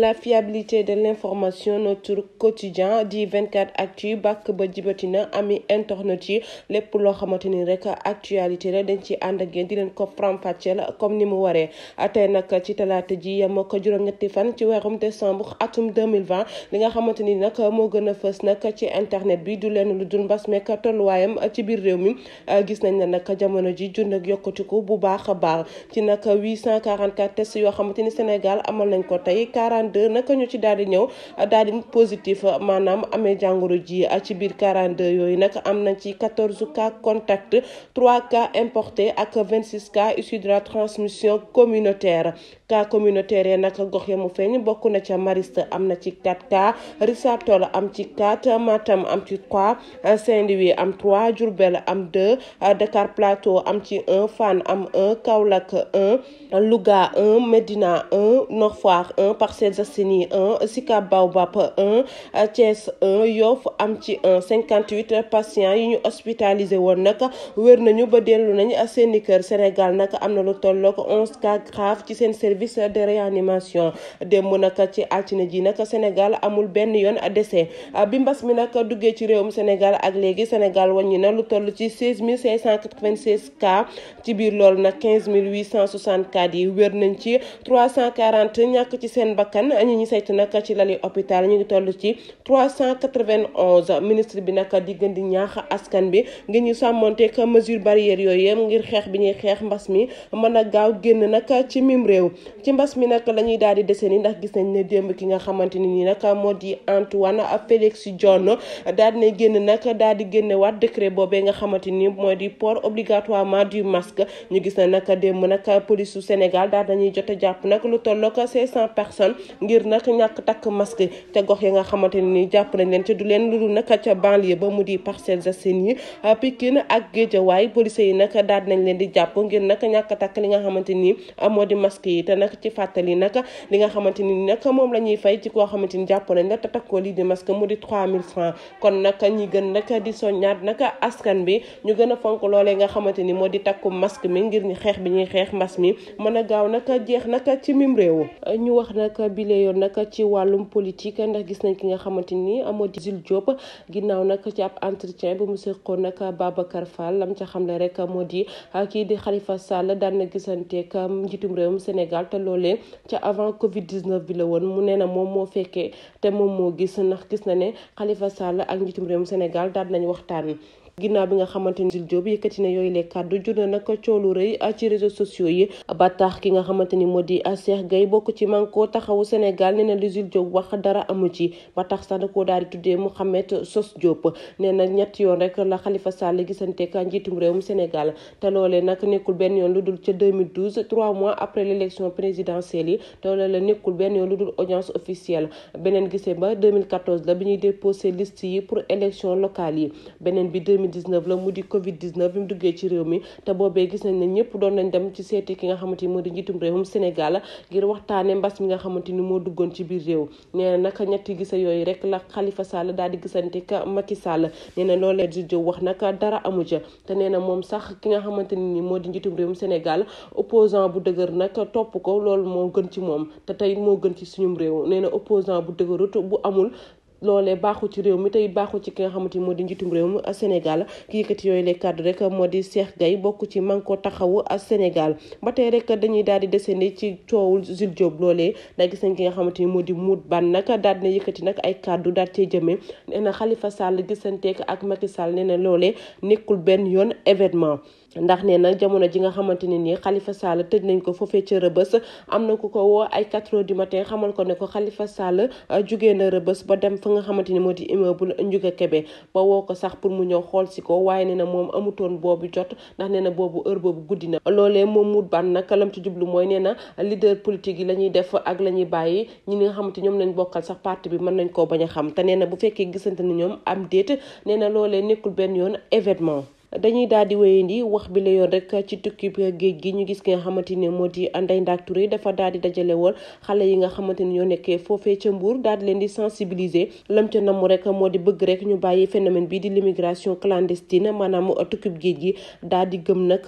la fiabilité de l'information notre quotidien di 24 actu bàkk ba jibati na ami internet yi lépp loo xamante ni rek actualité la dañ ci ànd ak yéen di leen ko faram-fàcceel comme ni mu waree tey nag ci talaata ji yem ak juróom-ñetti fan ci weerum décembre atum 2020 li nga xamante ni nag moo gën a fës nag ci internet bi du leen lu dul mbas meek tolluwaayam ci biir réew mi gis nañ ne nag jamono ji jund ak yokkutiku bu baax a baax ci nag 844 tests yoo xamante ni Sénégal amal nañ ko tey 42 naka ñu ci daal di ñëw daal di positif maanaam amee jàngoro ji ci biir 42 yooyu nag am na ci 14 cas contact 3 cas importés ak 26 cas issus de la transmission communautaire cas communautaire yi nag gox ya mu feeñ bokk na ca Mariste am na ci 4 cas Richard Toll am ci 4 Matam am ci 3 Saint-Louis am 3 Diourbel am 2 Dakar Plateau am ci 1 Fann am 1 Kaolack 1 Louga 1 Médina 1 Nord Foire 1 Parcelles Assainies 1 Sicap Baobab 1 Thiès 1 Yoff am ci 1 58 patients yi ñu hospitalisé woon nag wér nañu ba dellu nañ seeni kër Sénégal nag am na lu tolloog 11 ca grave ci seen service de réanimation démb nag ci altine ji nag Sénégal amul benn yoon décès bi mbas mi nag duggee ci réewum Sénégal ak léegi Sénégal wàññi na lu toll ci 16 596 cas ci biir loolu na 15 864 yi wér nañ ci 340 ñàkk ci seen bakkan ren ñi ñu saytu nag ci lali hôpital ñu ngi tollu ci 391 ministre bi nag di gën di ñaax askan bi ngir ñu sàmmonteeg mesure barrière yooyu yëpp ngir xeex bi ñuy xeex mbas mi mën a gaaw génn nag ci mim réew ci mbas mi nag la ñuy daal di dese ni ndax gis nañ ne démb ki nga xamante ni nii nag moo di Antoine Félix Diome daal ne génn nag daal di génne waat décret boobee nga xamante ni mooy di port obligatoirement du masque ñu gis na nag démb nag police su Sénégal daal dañuy jot a jàpp nag lu toll ak 500 ngir nag ñàkk takk masque te gox yi nga xamante ne ni jàpp nañ leen ca leen ludul nag ca banlieue ba mu di Parcelles Assainies yi ah, Pikine ak nañ leen di jàpp ngir nag ñàkk takk li nga xamante ni moo di masque yi te nag ci fàttali nag li nga xamante ni nag moom la ñuy fay ci koo xamante ni jàpp nañ la te takkoo lii di masque mu di 3000 francs kon nag ñi gën nag di soññaat nag askan bi ñu gën a fonk loole nga xamante ni moo di takku masque mi ngir ñu xeex bi ñuy xeex mbas mi mën a gaaw nag jeex nag ci mim réew ñu wax nag bi lee yoon nag ci wàllum politique ndax gis nañ ki nga xamante ni moo di Jules Diop ginnaaw nag ci ab entretien bu mu seqoon nag Babacar Fall lam ca xamle rek moo di kii di Khalifa Sall daan na gisanteeg njiitum réewum Sénégal te loolee ca avant Covid bi la woon mu nee na moom moo fekkee te moom moo gis ndax gis na ne Khalifa Sall ak njiitum réewum Sénégal daan nañ waxtaan. ginnaaw bi nga xamante ni Jules Diop yëkkati na yooyu les kàddu jur na nag coolu rëy ci réseaux ki nga xamante ni moo di Cheikh Gueye bokk ci manko taxawu Sénégal nee na li Jules Diop wax dara amu ci ba tax sax da koo daal di tuddee Mouhamed Sos Diop nee na ñett yoon rek la Khalifa Sall te loolee nag nekkul benn yoon lu dul ca 2012 trois mois après l' élection présidentielle yi te loolee la nekkul benn yoon lu gisee ba 2014 la bi ñuy déposé liste yi pour élection locale yi beneen bi 2019 duggee ci réew mi te boobee gis nañ dem ci seeti ki nga xamante ni moo di njiitum réewum Sénégal ngir waxtaane mbas mi nga xamante moo duggoon ci biir réew nee na naka ñetti gisa yooyu rek la xalifa Sall daal di gisante ka Macky Sall nee na loolee di jëw wax nag dara amu ca te nee na moom sax ki nga xamante ni moo di njiitum réewum Sénégal opposant bu dëgër nag topp ko loolu moo gën ci moom te tey moo gën ci suñum réew nee na opposant bu dëgërut bu amul loole baaxu ci réew mi tey baaxul ci ki nga xamante ni moo di njiitum réew mi Sénégal ki yëkkati yooyu les kàddu rek moo di Cheikh gay bokk ci Manko Taxawu Sénégal ba tey rek dañuy daal di desandi ci coowul Jules Diop loolee daa gis ki nga xamante ni moo di muut ban nag daal dina yëkkati nag ay kaddu daal cee jëmee nee xalifa Khalifa Sall gisanteek ak Macky Sall nee na loolee nekkul benn yoon événement ndax nee na jamono ji nga xamante ne nii Khalifa Sall tëj nañ ko foofee ca rëbës am na ku ko woo ay 4 heures du matin xamal ko ne ko Khalifa Sall euh, jugee na ba dem fa nga xamante ni moo di immeuble Ndiouga Kébé ba woo ko sax pour mu ñëw xool si ko waaye nee na moom amutoon boobu jot ndax nee na boobu heure boobu guddi na. loole moom mu ban nag lam ci jublu mooy nee na leader politique yi la ñuy def ak la ñuy bàyyi ñi nga xamante ñoom lañu bokkal sax parti bi mën nañ koo bañ a xam te nee na bu fekkee gisante ni ñoom am déet nee na loolee nekkul benn yoon événement. dañuy daal di wéyandi wax bi la yoon rek ci tukki géej gi ñu gis ki nga xamante ni moo di Ndeye Ndack Touré dafa daal di dajale woon xale yi nga xamante ni ñoo nekkee foofee ca Mbour daal di leen di sensibiliser lam ca namu rek moo di bëgg rek ñu bàyyi phénomène bii di l'immigration clandestine maanaam tukkib géej gi daal di gëm nag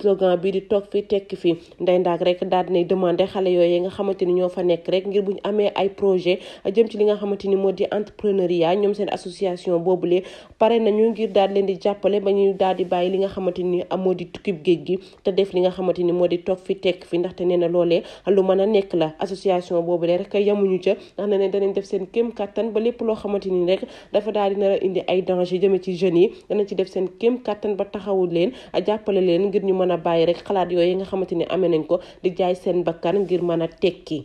slogan bi di toog fi tekki fi Ndeye rek daal di nay demander xale yooyu nga xamante ni ñoo fa nekk rek ngir bu ñu amee ay projet jëm ci li nga xamante ni moo di entrepreneuriat ñoom seen association boobule pare nañu ngir daal di leen di jàppale ba daal di bàyyi li nga xamante ni moo di tukkib géej gi te def li nga xamante ni moo di toog fi tekk fi ndaxte nee na loolee lu mën a nekk la association boobu le rek yamuñu ca ndax na ne danañ def seen kéem kattan ba lépp loo xamante ni rek dafa daal di nar a indi ay danger jëme ci jeunes yi danañ ci def seen kem kattan ba taxawul leen jàppale leen ngir ñu mën a bàyyi rek xalaat yooyu nga xamante ni amee nañ ko di jaay seen bakkan ngir mën a tekki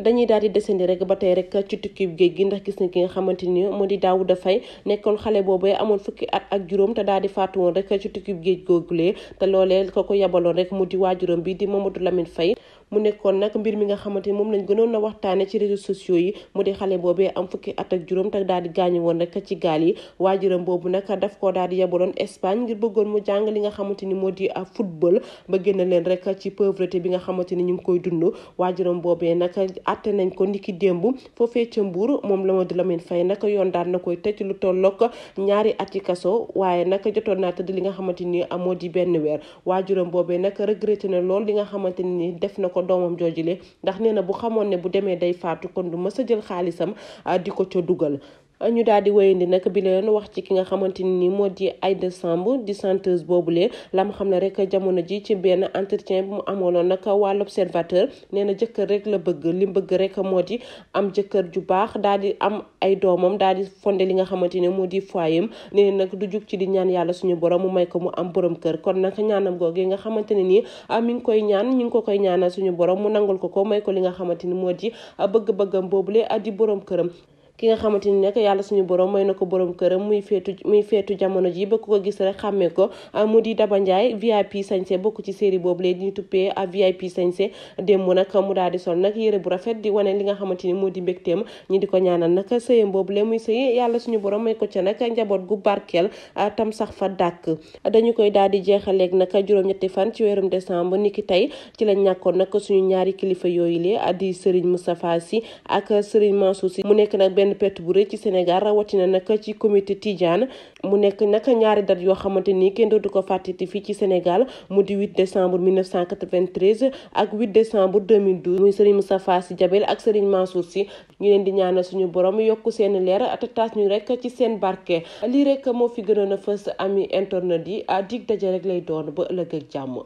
dañuy daal di desandi rek ba tey rek ci tukki géej gi ndax gis na ki nga xamante ni moo di da Faye nekkoon xale boobee amoon fukki at ak juróom te daal di faatu woon rek ci tukki géej googulee te loolee ko ko yabaloon rek mu di waajuram bi di ma Mamadou Lamine Faye mu nekkoon nag mbir mi nga xamante ni moom lañ gënoon na waxtaane ci réseaux sociaux yi mu di xale boobee am fukki at ak juróom te daal di gaañu woon rek ci gaal yi waajuram boobu nag daf daal di yabaloon Espagne ngir bëggoon mu jàng li nga xamante ni moo di euh, football ba génn leen rek ci pauvreté bi nga xamante ni ñu ngi koy dund waajuram boobee nag atte nañ ko niki démb foofee ca Mbuur moom la ma di Lamine Faye nag yoon daal na koy tëj lu tollook ñaari at yi kaso waaye nag jotoon naa tëdd li nga xamante ni amoo di benn weer waajuram boobee nag regretté na lool li nga xamante ni def na ko ko doomam joojule ndax nee na bu xamoon ne bu demee day faatu kon du mës a jël xaalisam ah, di ko ca dugal ñu daal di wéyandi nag bi leen wax ci ki nga xamante ni moo di Aïda Samb di chanteuse boobule la mu xam ne rek jamono ji ci benn entretien bu mu amaloon nag waa l'observateur nee na jëkkër rek la bëgg li bëgg rek moo di am jëkkër ju baax daal di am ay doomam daal di fondé li nga xamante ni moo di foyam nee nag du jug ci di ñaan yàlla suñu borom mu may ko mu am borom kër kon nag ñaanam googu nga xamante ne nii ah, mi ngi koy ñaan ñu ngi ko koy ñaanal suñu borom mu nangul ko ko may ko li nga xamante ni moo di ah, bëgg-bëggam boobule ah, di borom këram ki nga xamante ni nag yàlla suñu borom may na ko borom këram muy feetu muy feetu jamono ji ba ku ko gis rek xàmmee ko ah, mu di Daba Ndiaye VIP sañse bokk ci série boobu lee ñu tuppee à ah, VIP mu daal di sol nag yére bu rafet di wane li nga xamante ni moo di mbégteem ñi di ko ñaanal nag sëyam boobu lee muy sëy yàlla suñu borom ko ca nag njaboot gu barkeel ah, tam sax fa dàkk dañu koy daal di jeexaleeg nag juróom-ñetti fan ci weerum décembre niki tey ci la ñàkkoon nag suñu ñaari kilifa yooyu lee di Serigne Moustapha si ak Serigne Mansour Sy mu nekk nag benn pett bu rëy ci Sénégal rawatina nag ci comité Tidiane mu nekk nag ñaari date yoo xamante ni kenn dootu ko fàttiti fii ci Sénégal mu di 8 décembre 1993 ak 8 décembre 2012 muy Serigne Moustapha Sy Djabel ak Serigne Mansour Sy ñu leen di ñaanal suñu borom yokk seen leer te taas ñu rek ci seen barke lii rek moo fi gënoon a fës ami internet yi dig daje rek lay doon ba ëllëg ak jàmm.